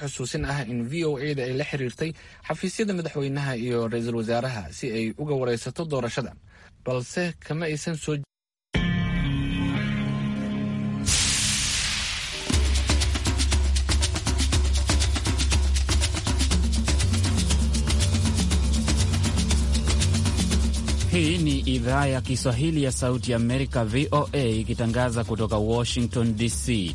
xusuusin ah in v o a ay la xiriirtay xafiisyada madaxweynaha iyo ra-iisul wasaaraha si ay uga wareysato doorashada balse kama aysan soo Hii ni idhaa ya Kiswahili ya Sauti ya Amerika, VOA, ikitangaza kutoka Washington DC.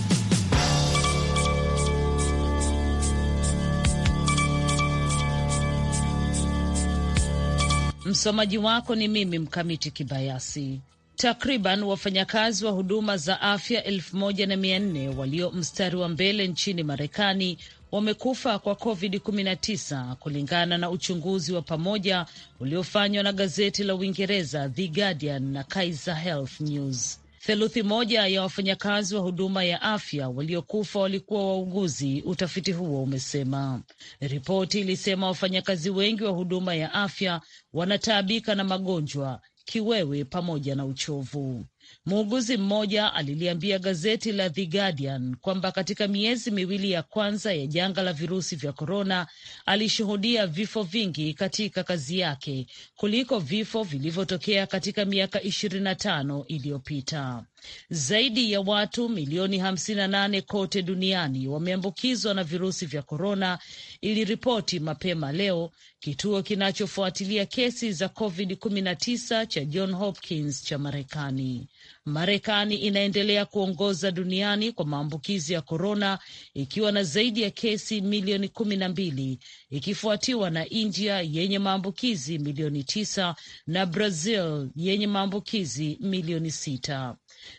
Msomaji wako ni mimi Mkamiti Kibayasi. Takriban wafanyakazi wa huduma za afya elfu moja na mia nne walio mstari wa mbele nchini Marekani wamekufa kwa COVID-19 kulingana na uchunguzi wa pamoja uliofanywa na gazeti la Uingereza The Guardian na Kaiser Health News. Theluthi moja ya wafanyakazi wa huduma ya afya waliokufa walikuwa wauguzi, utafiti huo umesema. Ripoti ilisema wafanyakazi wengi wa huduma ya afya wanataabika na magonjwa, kiwewe pamoja na uchovu. Muuguzi mmoja aliliambia gazeti la The Guardian kwamba katika miezi miwili ya kwanza ya janga la virusi vya korona alishuhudia vifo vingi katika kazi yake kuliko vifo vilivyotokea katika miaka ishirini na tano iliyopita. Zaidi ya watu milioni 58 kote duniani wameambukizwa na virusi vya korona, iliripoti mapema leo kituo kinachofuatilia kesi za COVID-19 cha John Hopkins cha Marekani. Marekani inaendelea kuongoza duniani kwa maambukizi ya korona ikiwa na zaidi ya kesi milioni kumi na mbili ikifuatiwa na India yenye maambukizi milioni tisa na Brazil yenye maambukizi milioni sita.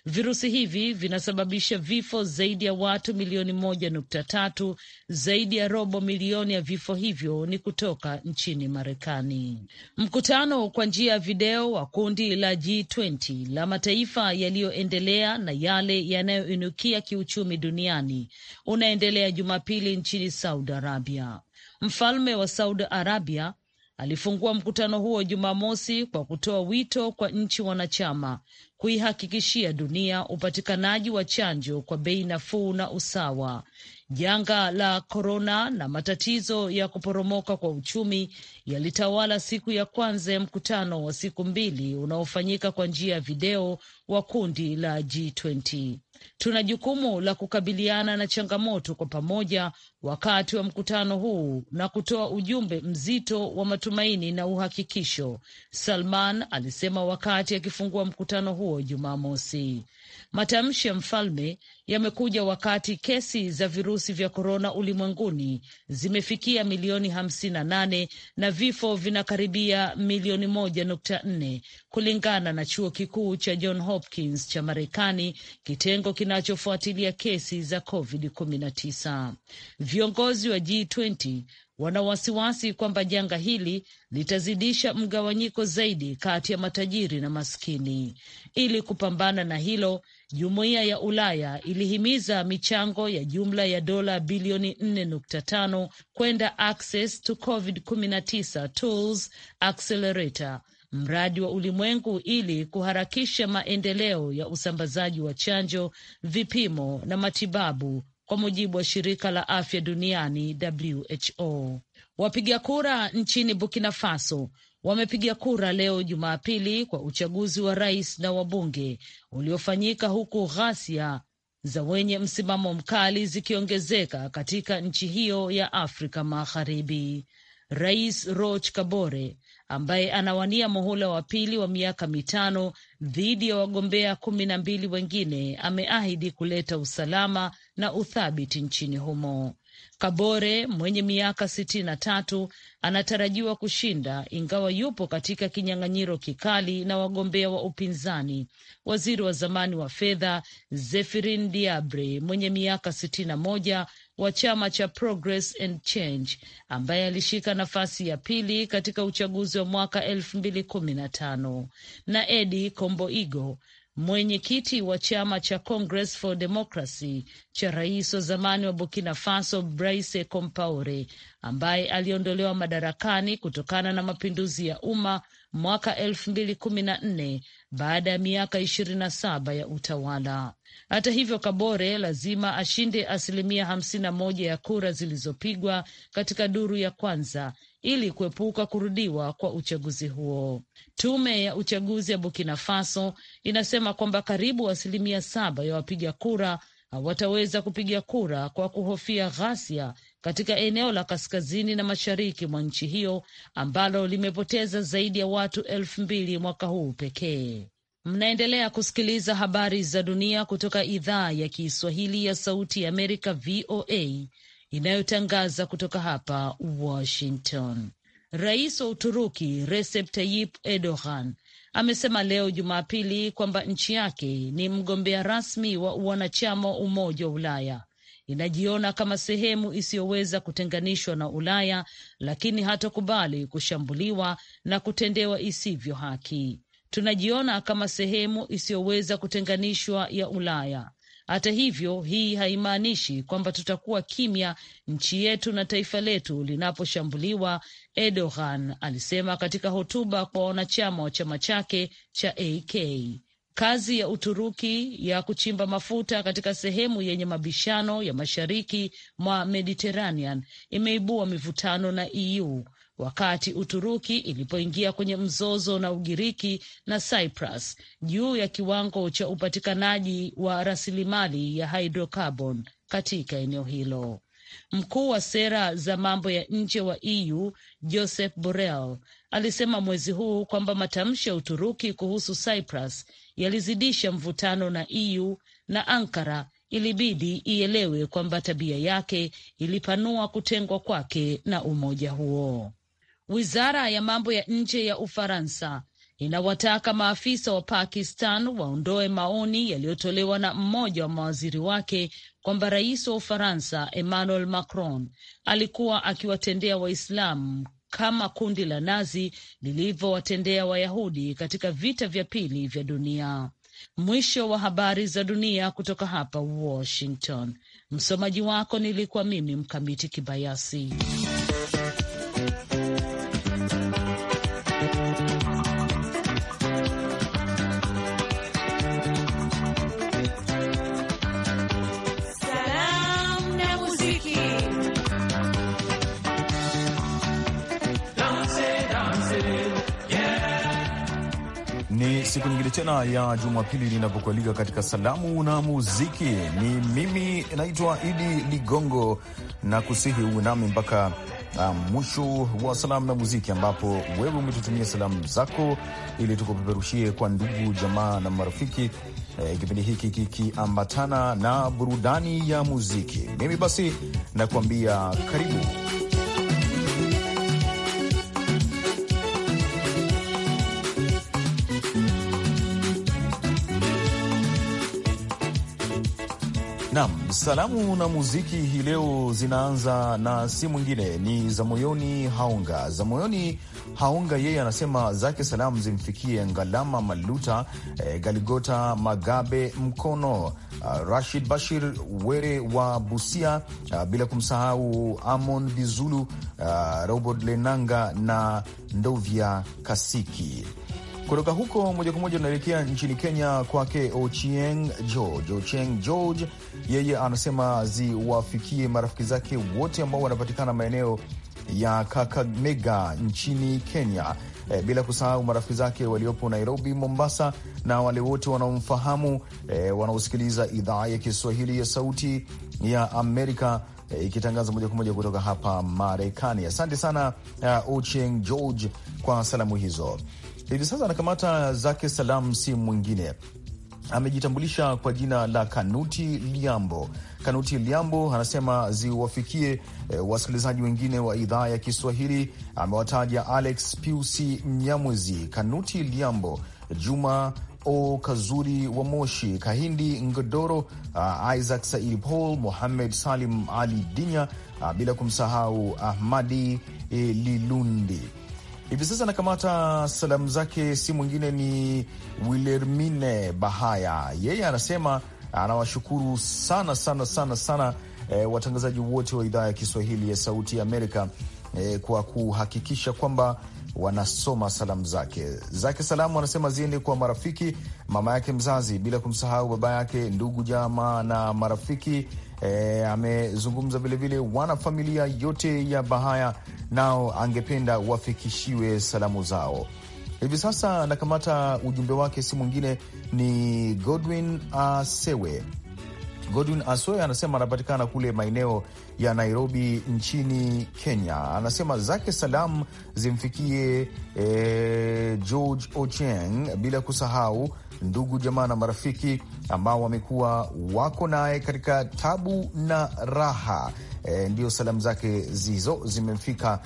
Virusi hivi vinasababisha vifo zaidi ya watu milioni moja nukta tatu. Zaidi ya robo milioni ya vifo hivyo ni kutoka nchini Marekani. Mkutano kwa njia ya video wa kundi la G20 la mataifa yaliyoendelea na yale yanayoinukia kiuchumi duniani unaendelea Jumapili nchini Saudi Arabia. Mfalme wa Saudi Arabia alifungua mkutano huo Jumamosi kwa kutoa wito kwa nchi wanachama kuihakikishia dunia upatikanaji wa chanjo kwa bei nafuu na usawa. Janga la korona na matatizo ya kuporomoka kwa uchumi yalitawala siku ya kwanza ya mkutano wa siku mbili unaofanyika kwa njia ya video wa kundi la G20. Tuna jukumu la kukabiliana na changamoto kwa pamoja wakati wa mkutano huu na kutoa ujumbe mzito wa matumaini na uhakikisho, Salman alisema wakati akifungua mkutano huo Jumamosi. Matamshi ya mfalme yamekuja wakati kesi za virusi vya korona ulimwenguni zimefikia milioni hamsini na nane na vifo vinakaribia milioni moja nukta nne kulingana na chuo kikuu cha John Hopkins cha Marekani, kitengo kinachofuatilia kesi za COVID-19. Viongozi wa G20 wana wasiwasi kwamba janga hili litazidisha mgawanyiko zaidi kati ya matajiri na maskini. Ili kupambana na hilo, jumuiya ya Ulaya ilihimiza michango ya jumla ya dola bilioni 4.5 kwenda Access to COVID-19 Tools Accelerator, mradi wa ulimwengu ili kuharakisha maendeleo ya usambazaji wa chanjo, vipimo na matibabu kwa mujibu wa shirika la afya duniani WHO. Wapiga kura nchini Burkina Faso wamepiga kura leo Jumapili kwa uchaguzi wa rais na wabunge uliofanyika huku ghasia za wenye msimamo mkali zikiongezeka katika nchi hiyo ya Afrika Magharibi. Rais Roch Kabore ambaye anawania muhula wa pili wa miaka mitano dhidi ya wagombea kumi na mbili wengine ameahidi kuleta usalama na uthabiti nchini humo. Kabore mwenye miaka sitini na tatu anatarajiwa kushinda ingawa yupo katika kinyang'anyiro kikali na wagombea wa upinzani. Waziri wa zamani wa fedha zefirin Diabre mwenye miaka sitini na moja wa chama cha Progress and Change ambaye alishika nafasi ya pili katika uchaguzi wa mwaka elfu mbili kumi na tano na Edi Komboigo Mwenyekiti wa chama cha Congress for Democracy cha rais wa zamani wa Burkina Faso Brice Compaore ambaye aliondolewa madarakani kutokana na mapinduzi ya umma mwaka elfu mbili kumi na nne baada ya miaka ishirini na saba ya utawala. Hata hivyo, Kabore lazima ashinde asilimia hamsini na moja ya kura zilizopigwa katika duru ya kwanza ili kuepuka kurudiwa kwa uchaguzi huo. Tume ya uchaguzi ya Burkina Faso inasema kwamba karibu asilimia saba ya wapiga kura hawataweza kupiga kura kwa kuhofia ghasia katika eneo la kaskazini na mashariki mwa nchi hiyo ambalo limepoteza zaidi ya watu elfu mbili mwaka huu pekee. Mnaendelea kusikiliza habari za dunia kutoka idhaa ya Kiswahili ya Sauti ya Amerika, VOA, inayotangaza kutoka hapa Washington. Rais wa Uturuki Recep Tayyip Erdogan amesema leo Jumapili kwamba nchi yake ni mgombea rasmi wa wanachama wa Umoja wa Ulaya. Inajiona kama sehemu isiyoweza kutenganishwa na Ulaya, lakini hatakubali kushambuliwa na kutendewa isivyo haki. Tunajiona kama sehemu isiyoweza kutenganishwa ya Ulaya, hata hivyo, hii haimaanishi kwamba tutakuwa kimya nchi yetu na taifa letu linaposhambuliwa, Erdogan alisema katika hotuba kwa wanachama wa chama chake cha AK. Kazi ya Uturuki ya kuchimba mafuta katika sehemu yenye mabishano ya mashariki mwa Mediterranean imeibua mivutano na EU wakati Uturuki ilipoingia kwenye mzozo na Ugiriki na Cyprus juu ya kiwango cha upatikanaji wa rasilimali ya hydrocarbon katika eneo hilo. Mkuu wa sera za mambo ya nje wa EU Joseph Borrell alisema mwezi huu kwamba matamshi ya Uturuki kuhusu Cyprus yalizidisha mvutano na EU na Ankara ilibidi ielewe kwamba tabia yake ilipanua kutengwa kwake na umoja huo. Wizara ya mambo ya nje ya Ufaransa inawataka maafisa wa Pakistan waondoe maoni yaliyotolewa na mmoja wa mawaziri wake kwamba rais wa Ufaransa Emmanuel Macron alikuwa akiwatendea Waislamu kama kundi la Nazi lilivyowatendea Wayahudi katika vita vya pili vya dunia. Mwisho wa habari za dunia kutoka hapa Washington. Msomaji wako nilikuwa mimi Mkamiti Kibayasi. Ni siku nyingine tena ya Jumapili ninapokualika katika salamu na muziki. Ni mimi naitwa Idi Ligongo na kusihi uwe nami mpaka uh, mwisho wa salamu na muziki, ambapo wewe umetutumia salamu zako ili tukupeperushie kwa ndugu jamaa na marafiki. eh, kipindi hiki kikiambatana na burudani ya muziki, mimi basi nakuambia karibu. Nam salamu na muziki hii leo zinaanza na si mwingine ni za moyoni haunga Za moyoni haunga yeye anasema zake salamu zimfikie Ngalama Maluta, eh, Galigota Magabe Mkono, uh, Rashid Bashir Were wa Busia, uh, bila kumsahau Amon Bizulu, uh, Robert Lenanga na Ndovya Kasiki. Kutoka huko moja kwa moja tunaelekea nchini Kenya, kwake Ochieng George. Ochieng George yeye anasema ziwafikie marafiki zake wote ambao wanapatikana maeneo ya Kakamega nchini Kenya, e, bila kusahau marafiki zake waliopo Nairobi, Mombasa na wale wote wanaomfahamu, e, wanaosikiliza idhaa ya Kiswahili ya Sauti ya Amerika eh, ikitangaza moja kwa moja kutoka hapa Marekani. Asante sana uh, Ochieng George kwa salamu hizo hivi sasa anakamata zake salamu, si mwingine amejitambulisha kwa jina la Kanuti Liambo. Kanuti Liambo anasema ziwafikie e, wasikilizaji wengine wa idhaa ya Kiswahili. Amewataja Alex Piusi Mnyamwezi, Kanuti Liambo, Juma O Kazuri wa Moshi, Kahindi Ngodoro, uh, Isaac Said Paul, Muhamed Salim Ali Dinya, uh, bila kumsahau Ahmadi eh, Lilundi. Hivi sasa anakamata salamu zake, si mwingine ni Wilhelmine Bahaya. Yeye anasema anawashukuru sana sana sana sana e, watangazaji wote wa idhaa ya Kiswahili ya Sauti ya Amerika e, kwa kuhakikisha kwamba wanasoma salamu zake zake. Salamu anasema ziende kwa marafiki, mama yake mzazi, bila kumsahau baba yake, ndugu, jamaa na marafiki e, amezungumza vilevile wanafamilia yote ya Bahaya nao angependa wafikishiwe salamu zao. Hivi sasa nakamata ujumbe wake, si mwingine ni Godwin Asewe Godwin Asoya anasema anapatikana kule maeneo ya Nairobi nchini Kenya. Anasema zake salamu zimfikie e, George Ocheng, bila kusahau ndugu jamaa na marafiki ambao wamekuwa wako naye katika tabu na raha. E, ndio salamu zake zizo zimemfika,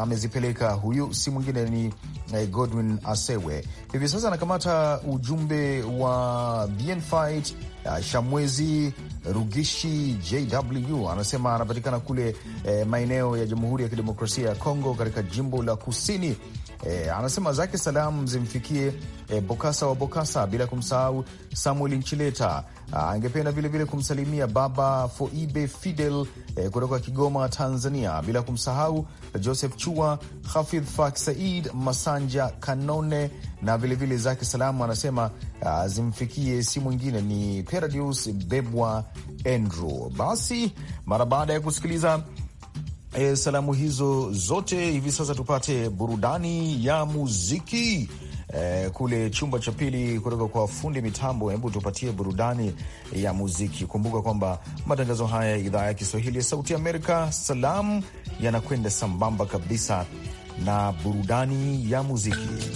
amezipeleka huyu si mwingine ni e, Godwin Asewe. Hivi sasa anakamata ujumbe wa BN Fight uh, Shamwezi Rugishi JW anasema anapatikana kule eh, maeneo ya Jamhuri ya Kidemokrasia ya Kongo katika jimbo la Kusini E, anasema zake salamu zimfikie e, eh, Bokasa wa Bokasa, bila kumsahau Samuel Nchileta. Ah, angependa vilevile kumsalimia baba Foibe Fidel e, kutoka Kigoma, Tanzania, bila kumsahau Joseph Chua, Hafidh Fak Said Masanja Kanone, na vilevile zake salamu anasema a, ah, zimfikie si mwingine ni Peradius Bebwa Andrew. Basi mara baada ya kusikiliza e, salamu hizo zote. Hivi sasa tupate burudani ya muziki e, kule chumba cha pili kutoka kwa fundi mitambo. Hebu tupatie burudani ya muziki. Kumbuka kwamba matangazo haya ya idhaa ya Kiswahili ya Sauti Amerika, salamu yanakwenda sambamba kabisa na burudani ya muziki.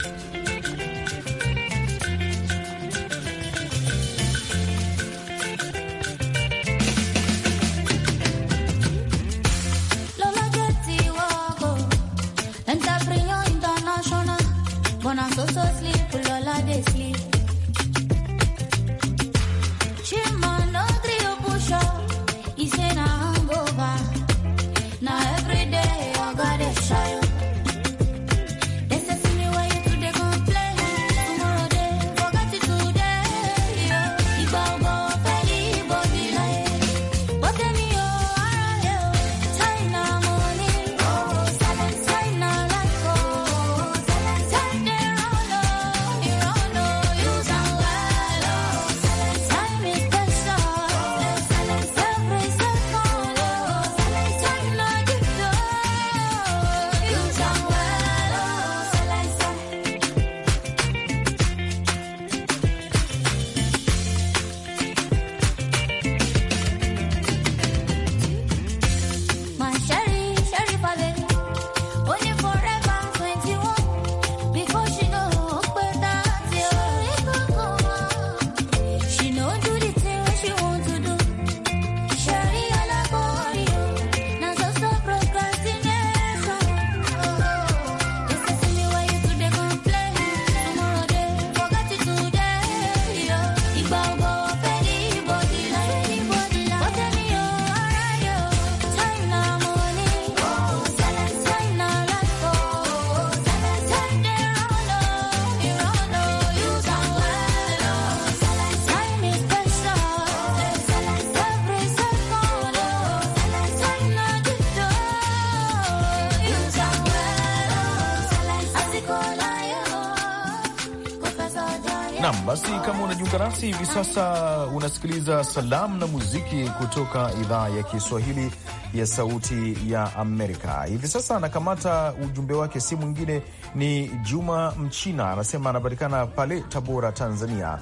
basi hivi sasa unasikiliza salamu na muziki kutoka idhaa ya Kiswahili ya Sauti ya Amerika. Hivi sasa anakamata ujumbe wake, si mwingine ni Juma Mchina, anasema anapatikana pale Tabora, Tanzania.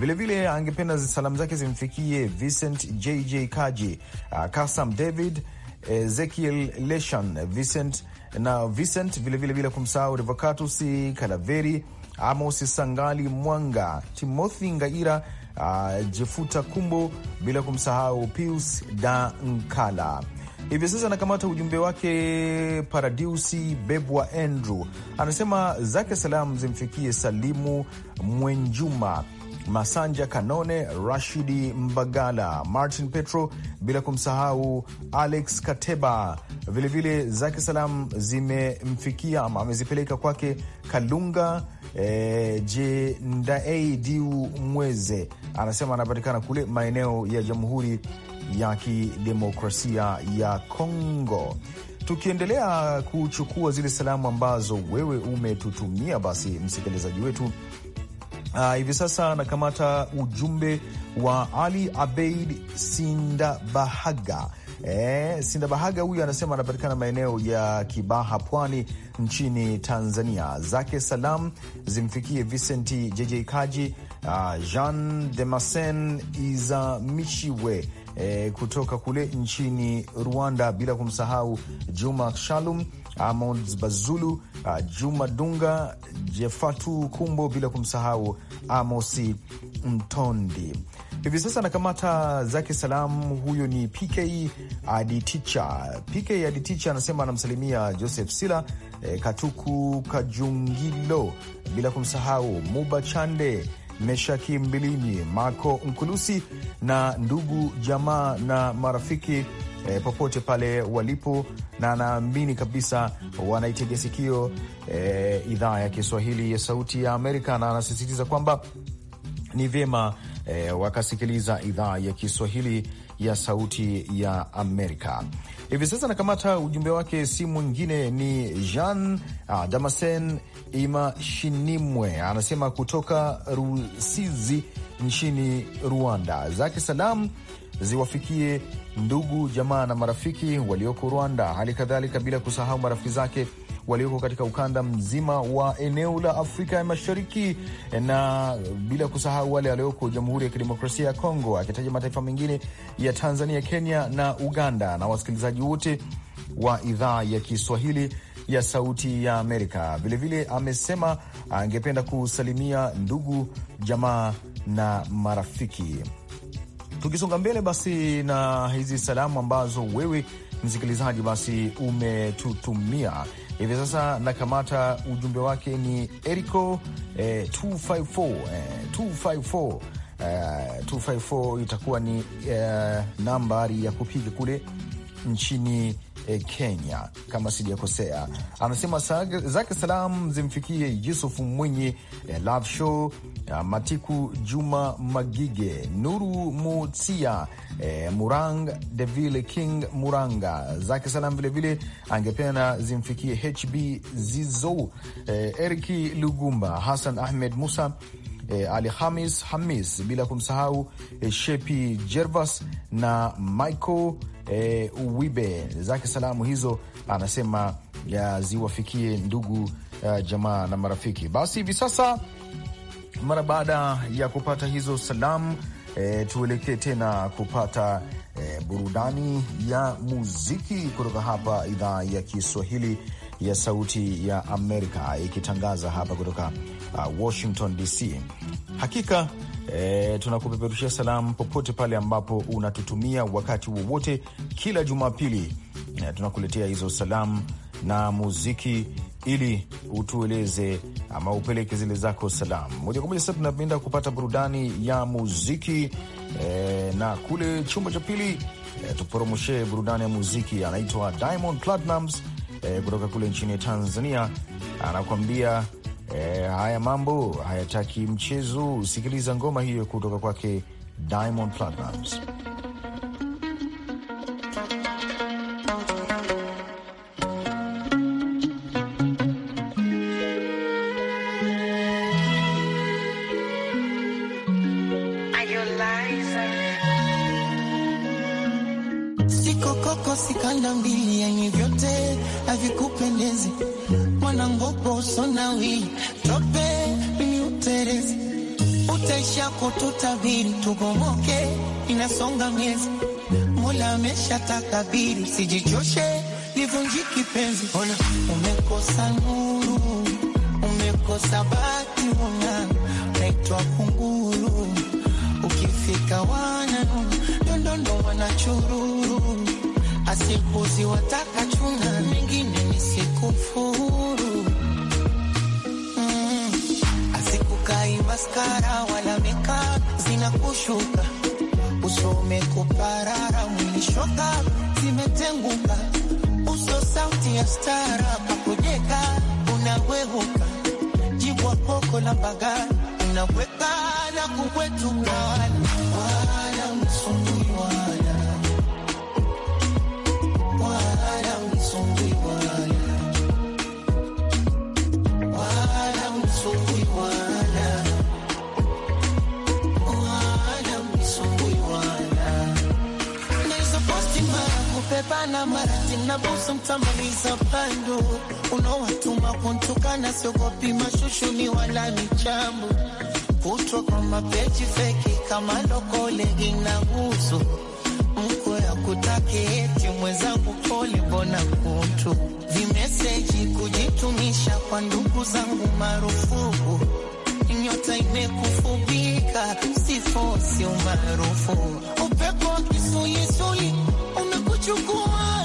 Vilevile angependa salamu zake zimfikie Vincent JJ Kaji, uh, Kasam David, Ezekiel Leshan Vincent na Vincent vilevile, bila kumsahau Revocatus Kalaveri Amos Sangali Mwanga, Timothy Ngaira, uh, Jefuta Kumbo, bila kumsahau Pius Dankala. Hivi sasa anakamata ujumbe wake. Paradiusi Bebwa Andrew anasema zake salamu zimfikie Salimu Mwenjuma, Masanja Kanone, Rashidi Mbagala, Martin Petro, bila kumsahau Alex Kateba. Vilevile zake salamu zimemfikia ama amezipeleka kwake Kalunga E, je ndaei diu mweze anasema anapatikana kule maeneo ya Jamhuri ya Kidemokrasia ya Kongo. Tukiendelea kuchukua zile salamu ambazo wewe umetutumia, basi msikilizaji wetu Uh, hivi sasa anakamata ujumbe wa Ali Abeid Sindabahaga E, eh, Sindabahaga huyu anasema anapatikana maeneo ya Kibaha, Pwani, nchini Tanzania. Zake salam zimfikie Vicenti JJ Kaji, uh, Jean Demasen Izamichiwe e, eh, kutoka kule nchini Rwanda, bila kumsahau Juma Shalum Amond Bazulu, uh, Juma Dunga, Jefatu Kumbo, bila kumsahau Amosi Mtondi hivi sasa anakamata zake salamu. Huyo ni PK Aditicha. PK Aditicha anasema anamsalimia Joseph Sila, eh, Katuku Kajungilo, bila kumsahau Muba Chande, Meshaki Mbilini, Mako Mkulusi na ndugu jamaa na marafiki eh, popote pale walipo, na anaamini kabisa wanaitegea sikio eh, idhaa ya Kiswahili ya Sauti ya Amerika, na anasisitiza kwamba ni vyema e, wakasikiliza idhaa ya Kiswahili ya Sauti ya Amerika. Hivi sasa nakamata ujumbe wake, si mwingine ni Jean ah, uh, Damasen Imashinimwe, anasema kutoka Rusizi nchini Rwanda, zake salam ziwafikie ndugu jamaa na marafiki walioko Rwanda, hali kadhalika bila kusahau marafiki zake walioko katika ukanda mzima wa eneo la Afrika ya Mashariki na bila kusahau wale walioko Jamhuri ya Kidemokrasia ya Kongo, akitaja mataifa mengine ya Tanzania, Kenya na Uganda na wasikilizaji wote wa idhaa ya Kiswahili ya Sauti ya Amerika. Vilevile amesema angependa kusalimia ndugu jamaa na marafiki. Tukisonga mbele basi na hizi salamu ambazo wewe msikilizaji basi umetutumia hivi sasa nakamata ujumbe wake ni Erico eh, 254 eh, 254 eh, 254 itakuwa ni eh, nambari ya kupiga kule nchini eh, Kenya kama sijakosea. Anasema zake salam zimfikie Yusuf Mwinyi, eh, Love Show, eh, Matiku Juma Magige, Nuru Mutsia, Murang Devile King Muranga. Zake salam vilevile angependa zimfikie HB Zizo, Eriki Lugumba, Hassan Ahmed Musa eh, Ali Hamis Hamis, bila kumsahau eh, Shepi Jervas na Michael eh, Wibe. Zake salamu hizo anasema ziwafikie ndugu uh, jamaa na marafiki. Basi hivi sasa mara baada ya kupata hizo salamu eh, tuelekee tena kupata eh, burudani ya muziki kutoka hapa idhaa ya Kiswahili ya Sauti ya Amerika ikitangaza hapa kutoka uh, Washington DC. Hakika e, tunakupeperushia salamu popote pale ambapo unatutumia wakati wowote. Kila Jumapili e, tunakuletea hizo salamu na muziki ili utueleze ama upeleke zile zako salamu moja kwa moja. Sasa tunapenda kupata burudani ya muziki e, na kule chumba cha pili e, tuporomoshee burudani ya muziki. Anaitwa Diamond Platnumz e, kutoka kule nchini Tanzania anakuambia e, haya mambo hayataki mchezo. Sikiliza ngoma hiyo kutoka kwake Diamond Platnumz. mopo sonawi tope niuterezi utaishako tutabiri tugomoke inasonga miezi Mola amesha takabiri sijichoshe livunjiki penzi ona umekosa nuru umekosa bati ona naitwa kunguru ukifika wana dondondo wanachururu asikuzi wataka chuna mengine ni sikufuru maskara wala meka sina kushuka, uso umekuparara, mwishoka zimetenguka, uso sauti ya stara pakujeka, unawehuka jibwa koko la bagara, unaweka na kubwetuka nabusu mtamaliza pando unaowatuma kuntukana, siogopi mashushu ni wala michambo kutwa kwa mapeji feki kama lokole inagusu mko ya kutake eti mwenzangu, pole bona kutu vimeseji kujitumisha kwa ndugu zangu marufuku nyota imekufubika sifo si umaarufu upepo kisulisuli umekuchukua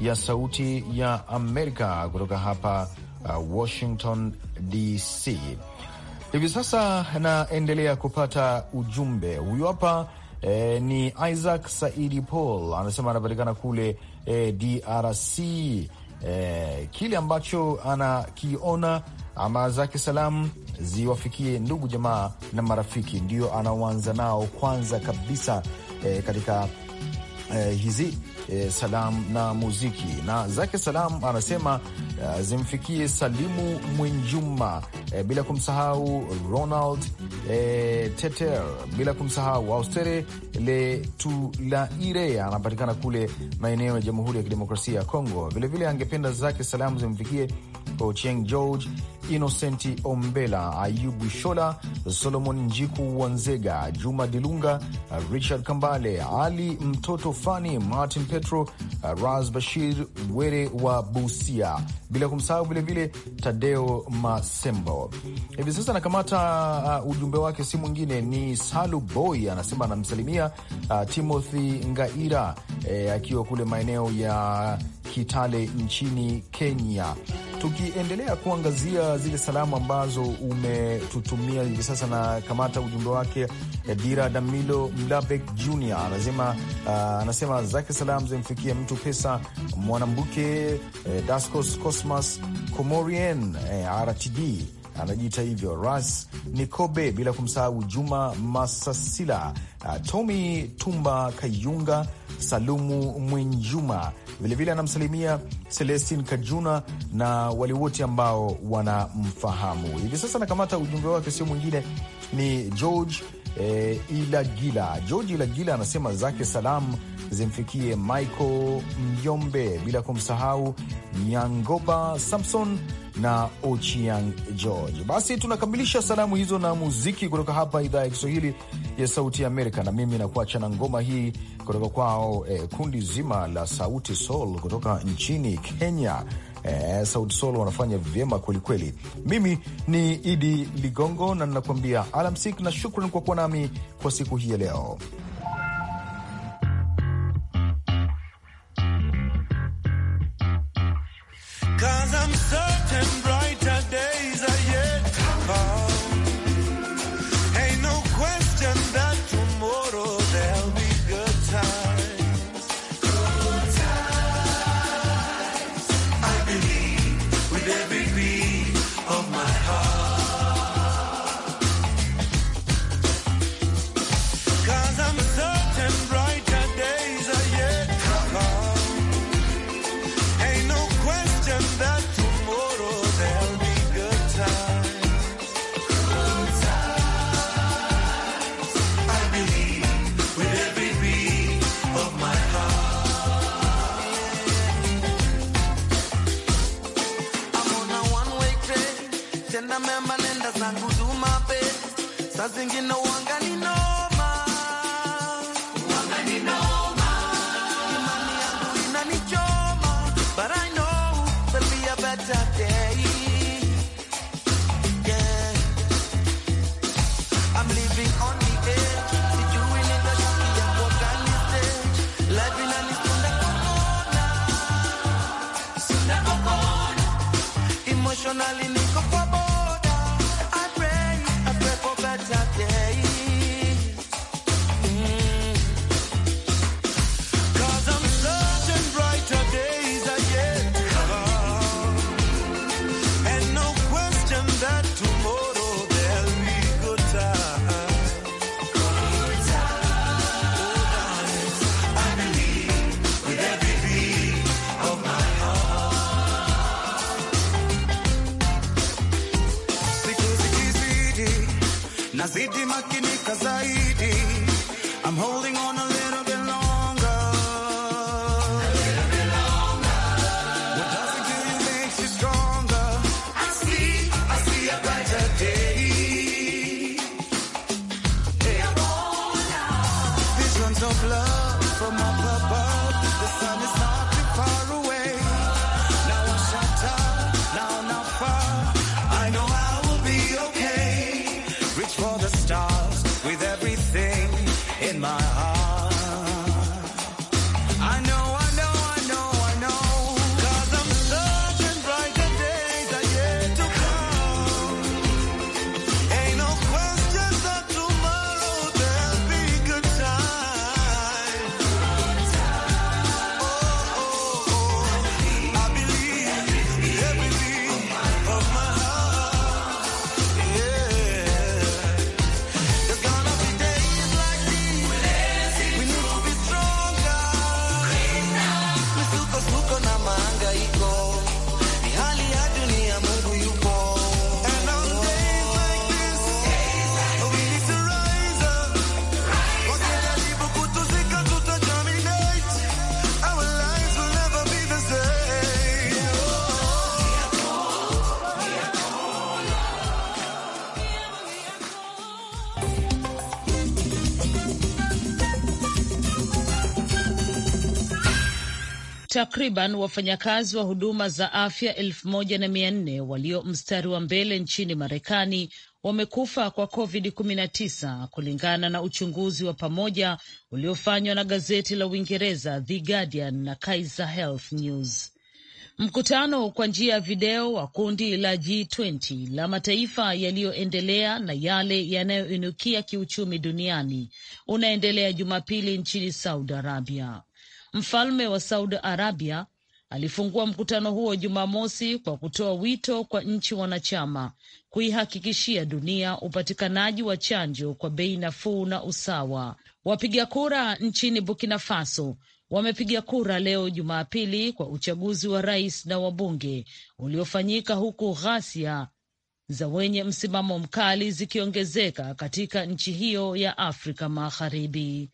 ya Sauti ya Amerika kutoka hapa uh, Washington DC. Hivi sasa naendelea kupata ujumbe. Huyu hapa eh, ni Isaac Saidi Paul, anasema anapatikana kule eh, DRC. Eh, kile ambacho anakiona ama zake salamu ziwafikie ndugu jamaa na marafiki, ndio anaoanza nao kwanza kabisa eh, katika eh, hizi eh, salam na muziki na zake salamu anasema eh, zimfikie Salimu Mwinjuma eh, bila kumsahau Ronald eh, Teter bila kumsahau Austere Letulaire anapatikana kule maeneo ya Jamhuri ya Kidemokrasia ya Kongo. Vilevile angependa zake salamu zimfikie Ocheng George Inosenti Ombela, Ayubu Shola, Solomon Njiku Wanzega, Juma Dilunga, Richard Kambale, Ali Mtoto Fani, Martin Petro, Raz Bashir Were wa Busia, bila kumsahau vilevile Tadeo Masembo. Hivi sasa anakamata uh, ujumbe wake si mwingine ni Salu Boy, anasema anamsalimia uh, Timothy Ngaira eh, akiwa kule maeneo ya Kitale nchini Kenya. Tukiendelea kuangazia zile salamu ambazo umetutumia hivi sasa, na kamata ujumbe wake eh, Dira Damilo Mlabek Jr anasema ah, anasema zake salamu zimfikia mtu pesa Mwanambuke, eh, Dascos Cosmas Comorien, eh, RTD anajiita hivyo, Ras Nikobe, bila kumsahau Juma Masasila, uh, Tommy Tumba Kayunga, Salumu Mwinjuma vilevile anamsalimia Celestin Kajuna na wale wote ambao wanamfahamu hivi sasa. anakamata ujumbe wake, sio mwingine ni George eh, Ilagila. George Ilagila anasema zake salamu zimfikie Michael Mjombe, bila kumsahau Nyangoba Samson na Ochiang George. Basi tunakamilisha salamu hizo na muziki kutoka hapa idhaa ya Kiswahili ya Sauti ya Amerika, na mimi nakuacha na ngoma hii kutoka kwao eh, kundi zima la Sauti Sol kutoka nchini Kenya. Eh, Sauti Sol wanafanya vyema kwelikweli. Mimi ni Idi Ligongo na ninakuambia alamsik na shukran kwa kuwa nami kwa siku hii ya leo. zingine uangani noma, uangani I know there I'm living on I'm gonna máquina. Takriban wafanyakazi wa huduma za afya elfu moja na mia nne walio mstari wa mbele nchini Marekani wamekufa kwa COVID-19 kulingana na uchunguzi wa pamoja uliofanywa na gazeti la Uingereza The Guardian na Kaiser Health News. Mkutano kwa njia ya video wa kundi la G20 la mataifa yaliyoendelea na yale yanayoinukia kiuchumi duniani unaendelea Jumapili nchini Saudi Arabia. Mfalme wa Saudi Arabia alifungua mkutano huo Jumamosi kwa kutoa wito kwa nchi wanachama kuihakikishia dunia upatikanaji wa chanjo kwa bei nafuu na usawa. Wapiga kura nchini Burkina Faso wamepiga kura leo Jumapili kwa uchaguzi wa rais na wabunge uliofanyika huku ghasia za wenye msimamo mkali zikiongezeka katika nchi hiyo ya Afrika Magharibi.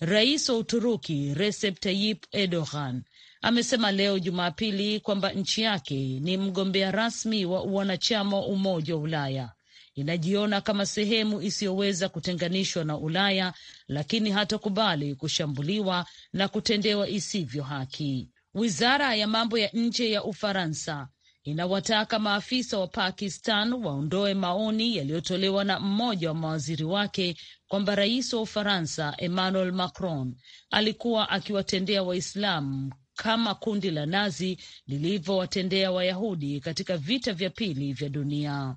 Rais wa Uturuki Recep Tayyip Erdogan amesema leo Jumapili kwamba nchi yake ni mgombea rasmi wa wanachama wa Umoja wa Ulaya. Inajiona kama sehemu isiyoweza kutenganishwa na Ulaya, lakini hatakubali kushambuliwa na kutendewa isivyo haki. Wizara ya mambo ya nje ya Ufaransa inawataka maafisa wa Pakistan waondoe maoni yaliyotolewa na mmoja wa mawaziri wake kwamba rais wa Ufaransa Emmanuel Macron alikuwa akiwatendea Waislamu kama kundi la Nazi lilivyowatendea Wayahudi katika vita vya pili vya dunia.